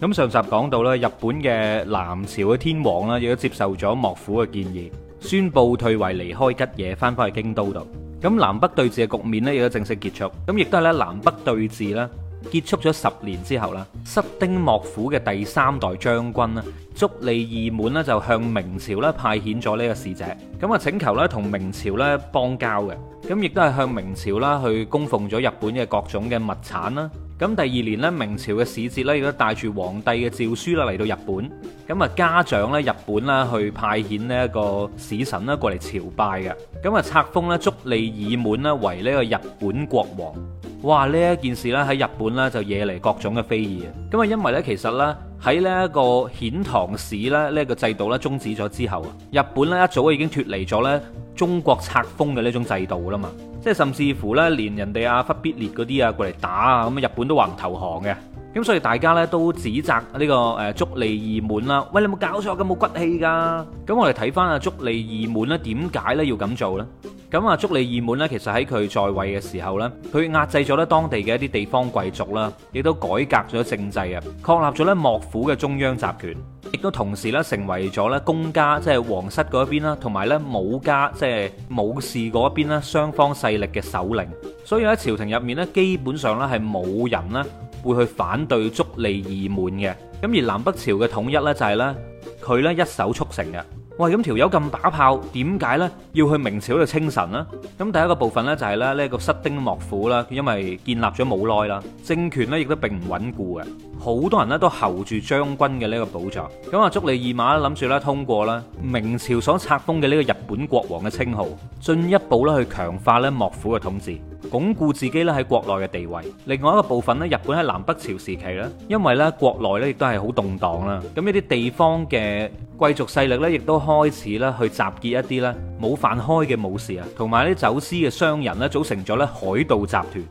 咁上集講到咧，日本嘅南朝嘅天皇咧，亦都接受咗幕府嘅建議，宣布退位，離開吉野，翻返去京都度。咁南北對峙嘅局面咧，亦都正式結束。咁亦都係咧，南北對峙咧結束咗十年之後啦，室町幕府嘅第三代將軍咧，足利義滿咧就向明朝咧派遣咗呢個使者，咁啊請求咧同明朝咧邦交嘅。咁亦都係向明朝啦去供奉咗日本嘅各種嘅物產啦。咁第二年呢，明朝嘅使節呢亦都帶住皇帝嘅詔書啦嚟到日本，咁啊嘉獎呢，日本呢去派遣呢一個使臣啦過嚟朝拜嘅，咁啊冊封咧足利義滿啦為呢個日本國王。哇！呢一件事呢喺日本呢就惹嚟各種嘅非議。咁啊，因為呢，其實呢。喺呢一個遣唐使咧呢個制度咧終止咗之後，日本咧一早已經脫離咗咧中國冊封嘅呢種制度啦嘛，即係甚至乎咧連人哋阿忽必烈嗰啲啊過嚟打啊咁，日本都話唔投降嘅，咁所以大家咧都指責呢個誒足利義滿啦，喂，你有冇搞錯咁冇骨氣㗎，咁我哋睇返啊足利義滿咧點解咧要咁做咧？咁啊，足利義滿咧，其實喺佢在位嘅時候咧，佢壓制咗咧當地嘅一啲地方貴族啦，亦都改革咗政制啊，確立咗咧幕府嘅中央集權，亦都同時咧成為咗咧公家即係皇室嗰一邊啦，同埋咧武家即係武士嗰一邊啦，雙方勢力嘅首領。所以喺朝廷入面咧，基本上咧係冇人咧會去反對足利義滿嘅。咁而南北朝嘅統一咧，就係咧佢咧一手促成嘅。喂，咁條友咁打炮，點解咧要去明朝嗰度稱臣咧？咁第一個部分咧就係咧呢個室町幕府啦，因為建立咗冇耐啦，政權咧亦都並唔穩固嘅，好多人咧都候住將軍嘅呢個寶座。咁啊，足利義滿諗住咧通過咧明朝所冊封嘅呢個日本國王嘅稱號，進一步咧去強化咧幕府嘅統治。鞏固自己咧喺國內嘅地位。另外一個部分咧，日本喺南北朝時期咧，因為咧國內咧亦都係好動盪啦，咁呢啲地方嘅貴族勢力咧，亦都開始咧去集結一啲咧武犯開嘅武士啊，同埋啲走私嘅商人咧，組成咗咧海盜集團。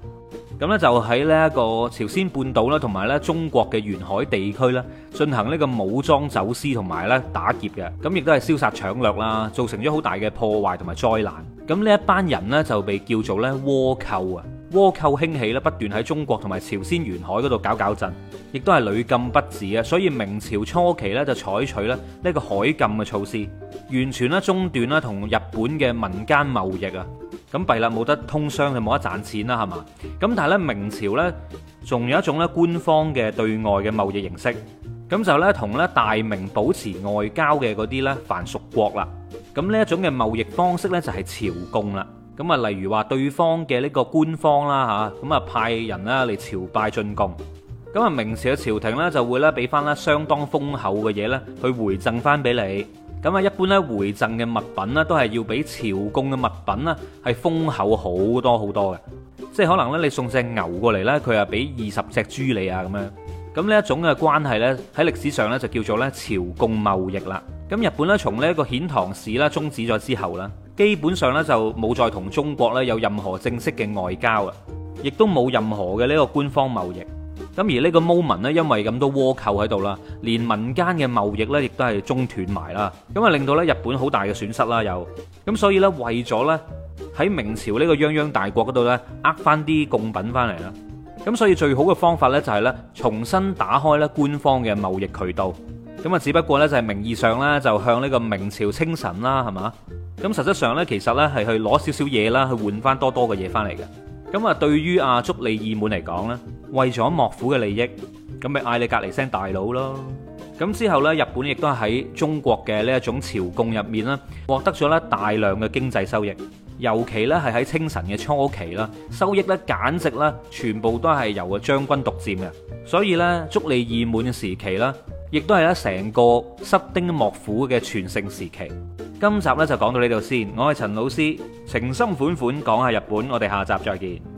咁呢就喺呢一個朝鮮半島啦，同埋咧中國嘅沿海地區啦，進行呢個武裝走私同埋咧打劫嘅。咁亦都係燒殺搶掠啦，造成咗好大嘅破壞同埋災難。咁呢一班人呢，就被叫做呢「倭寇」啊，倭寇興起咧不斷喺中國同埋朝鮮沿海嗰度搞搞震，亦都係屢禁不止啊！所以明朝初期咧就採取咧呢個海禁嘅措施，完全呢中斷咧同日本嘅民間貿易啊！咁弊啦冇得通商就冇得賺錢啦，係嘛？咁但係咧明朝呢，仲有一種咧官方嘅對外嘅貿易形式，咁就呢，同呢大明保持外交嘅嗰啲呢，藩屬國啦。咁呢一種嘅貿易方式呢，就係朝貢啦，咁啊例如話對方嘅呢個官方啦吓咁啊派人啦嚟朝拜進貢，咁啊明時嘅朝廷呢，就會呢俾翻呢相當豐厚嘅嘢呢去回贈翻俾你，咁啊一般呢回贈嘅物品呢，都係要比朝貢嘅物品呢係豐厚好多好多嘅，即係可能呢，你送隻牛過嚟呢，佢啊俾二十隻豬你啊咁樣，咁呢一種嘅關係呢，喺歷史上呢，就叫做呢朝貢貿易啦。咁日本咧，從呢一個遣唐使咧終止咗之後呢，基本上呢，就冇再同中國咧有任何正式嘅外交啊，亦都冇任何嘅呢個官方貿易。咁而呢個 moment 呢，因為咁多倭寇喺度啦，連民間嘅貿易呢，亦都係中斷埋啦。咁啊，令到呢日本好大嘅損失啦，又咁所以呢，為咗呢喺明朝呢個泱泱大國嗰度呢，呃翻啲貢品翻嚟啦。咁所以最好嘅方法呢，就係呢重新打開呢官方嘅貿易渠道。咁啊，只不過咧就係名義上咧，就向呢個明朝稱臣啦，係嘛？咁實質上咧，其實咧係去攞少少嘢啦，去換翻多多嘅嘢翻嚟嘅。咁啊，對於阿足利義滿嚟講咧，為咗幕府嘅利益，咁咪嗌你隔離聲大佬咯。咁之後咧，日本亦都喺中國嘅呢一種朝貢入面咧，獲得咗咧大量嘅經濟收益，尤其咧係喺稱臣嘅初期啦，收益咧簡直咧全部都係由個將軍獨佔嘅。所以咧，足利義滿嘅時期啦。亦都係咧成個室町幕府嘅全盛時期。今集呢就講到呢度先。我係陳老師，情深款款講下日本。我哋下集再見。